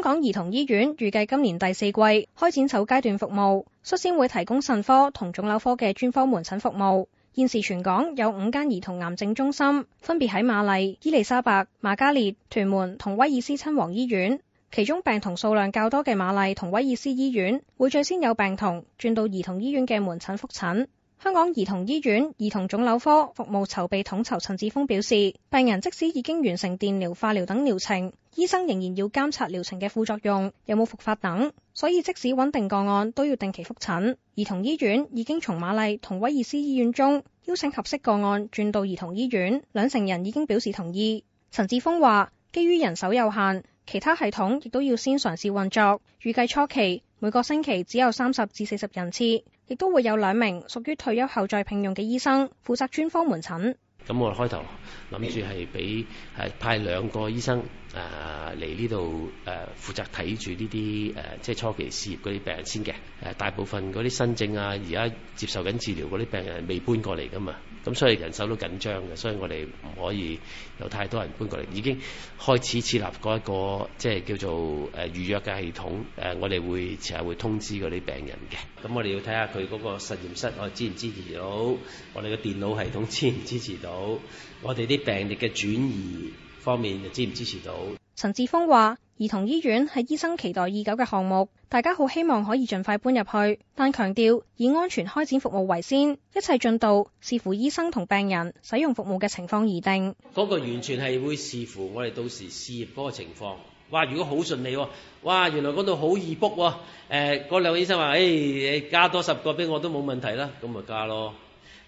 香港兒童醫院預計今年第四季開展首階段服務，率先會提供腎科同腫瘤科嘅專科門診服務。現時全港有五間兒童癌症中心，分別喺瑪麗、伊麗莎白、瑪嘉烈、屯門同威爾斯親王醫院，其中病童數量較多嘅瑪麗同威爾斯醫院會最先有病童轉到兒童醫院嘅門診復診。香港兒童醫院兒童腫瘤科服務籌備統籌陳志峰表示，病人即使已經完成電療、化療等療程，醫生仍然要監察療程嘅副作用，有冇復發等。所以即使穩定個案，都要定期復診。兒童醫院已經從瑪麗同威爾斯醫院中邀請合適個案轉到兒童醫院，兩成人已經表示同意。陳志峰話，基於人手有限，其他系統亦都要先嘗試運作，預計初期。每個星期只有三十至四十人次，亦都會有兩名屬於退休後再聘用嘅醫生，負責專科門診。咁我哋開頭諗住係俾係派兩個醫生誒嚟呢度誒負責睇住呢啲誒即係初期試業嗰啲病人先嘅誒、啊、大部分嗰啲新症啊，而家接受緊治療嗰啲病人係未搬過嚟噶嘛，咁、啊、所以人手都緊張嘅，所以我哋唔可以有太多人搬過嚟。已經開始設立嗰、那、一個即係、就是、叫做誒預約嘅系統誒、啊、我哋會遲下會通知嗰啲病人嘅。咁我哋要睇下佢嗰個實驗室我哋支唔支持到，我哋嘅電腦系統支唔支持到。好，我哋啲病歷嘅轉移方面支唔支持到？陳志峰話：兒童醫院係醫生期待已久嘅項目，大家好希望可以盡快搬入去，但強調以安全開展服務為先，一切進度視乎醫生同病人使用服務嘅情況而定。嗰個完全係會視乎我哋到時試業嗰個情況。哇！如果好順利、哦，哇！原來嗰度好易 book、哦。誒、呃，兩個劉醫生話：誒、哎，加多十個俾我都冇問題啦，咁咪加咯。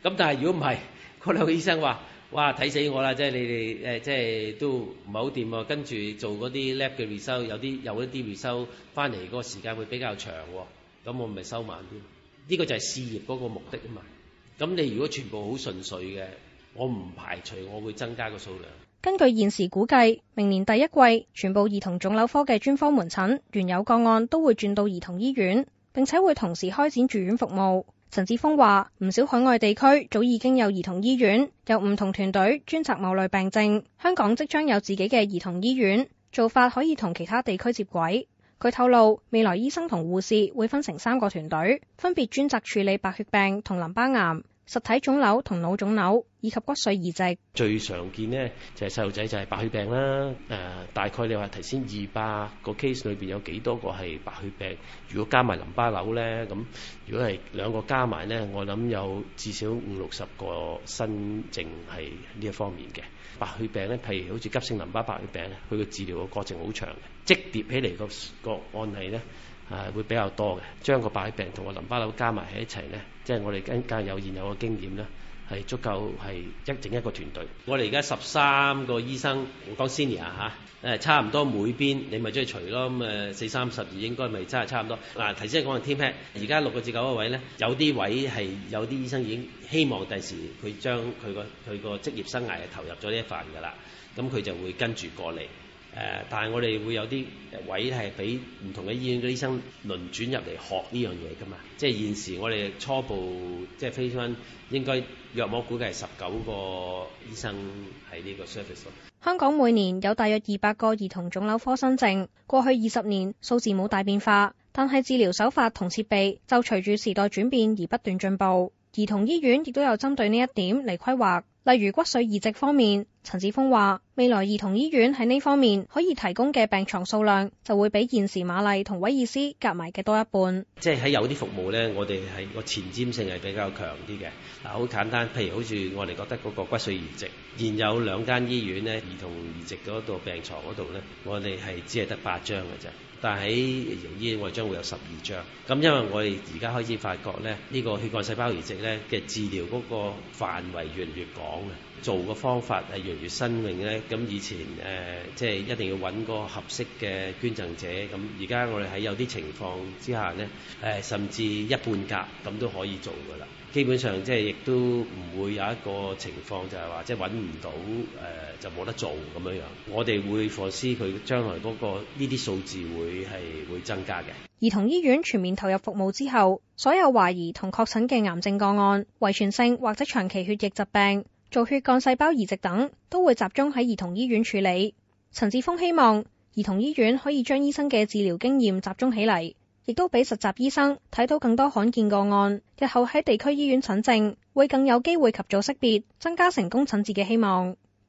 咁但係如果唔係，個兩個醫生話：哇，睇死我啦！即係你哋誒，即係都唔係好掂喎。跟住做嗰啲 lab 嘅回收，有啲有一啲回收翻嚟，個時間會比較長。咁我咪收慢啲。呢、這個就係事業嗰個目的啊嘛。咁你如果全部好順遂嘅，我唔排除我會增加個數量。根據現時估計，明年第一季全部兒童腫瘤科嘅專科門診原有個案都會轉到兒童醫院，並且會同時開展住院服務。陳志峰話：唔少海外地區早已經有兒童醫院，有唔同團隊專責某類病症。香港即將有自己嘅兒童醫院，做法可以同其他地區接軌。佢透露，未來醫生同護士會分成三個團隊，分別專責處理白血病同淋巴癌，實體腫瘤同腦腫瘤以及骨髓移植，最常見呢，就係細路仔就係白血病啦誒、呃、大概你話頭先二百個 case 裏邊有幾多個係白血病，如果加埋淋巴瘤咧，咁如果係兩個加埋咧，我諗有至少五六十個新症係呢一方面嘅白血病咧，譬如，好似急性淋巴白血病，佢個治療個過程好長，即疊起嚟個、那個案例咧。係、啊、會比較多嘅，將個白血病同個淋巴瘤加埋喺一齊咧，即係我哋跟間有現有嘅經驗咧，係足夠係一整一個團隊。我哋而家十三個醫生，我講 senior 嚇、啊，誒差唔多每邊你咪中意除咯，咁誒四三十二應該咪真係差唔多。嗱、啊，頭先講完 team head，而家六個至九個位咧，有啲位係有啲醫生已經希望第時佢將佢個佢個職業生涯係投入咗呢一份㗎啦，咁佢就會跟住過嚟。誒，但係我哋會有啲位係俾唔同嘅醫院嘅醫生輪轉入嚟學呢樣嘢噶嘛，即係現時我哋初步即係 phase one，應該約我估計係十九個醫生喺呢個 service 度。香港每年有大約二百個兒童腫瘤科新症，過去二十年數字冇大變化，但係治療手法同設備就隨住時代轉變而不斷進步。兒童醫院亦都有針對呢一點嚟規劃，例如骨髓移植方面。陳志峰話：未來兒童醫院喺呢方面可以提供嘅病床數量就會比現時瑪麗同威爾斯夾埋嘅多一半。即係喺有啲服務咧，我哋係個前瞻性係比較強啲嘅。嗱，好簡單，譬如好似我哋覺得嗰個骨髓移植，現有兩間醫院咧，兒童移植嗰度病床嗰度咧，我哋係只係得八張嘅啫。但係喺兒童醫院我哋將會有十二張。咁因為我哋而家開始發覺咧，呢、這個血幹細胞移植咧嘅治療嗰個範圍越嚟越廣嘅，做嘅方法係越越新穎咧，咁以前誒即係一定要揾個合適嘅捐贈者，咁而家我哋喺有啲情況之下呢，誒甚至一半格咁都可以做噶啦，基本上即係亦都唔會有一個情況就係話即係揾唔到誒，就冇得做咁樣樣。我哋會 foresight 佢將來嗰個呢啲數字會係會增加嘅。兒童醫院全面投入服務之後，所有懷疑同確診嘅癌症個案、遺傳性或者長期血液疾病。做血幹細胞移植等都會集中喺兒童醫院處理。陳志峯希望兒童醫院可以將醫生嘅治療經驗集中起嚟，亦都俾實習醫生睇到更多罕見個案，日後喺地區醫院診症會更有機會及早識別，增加成功診治嘅希望。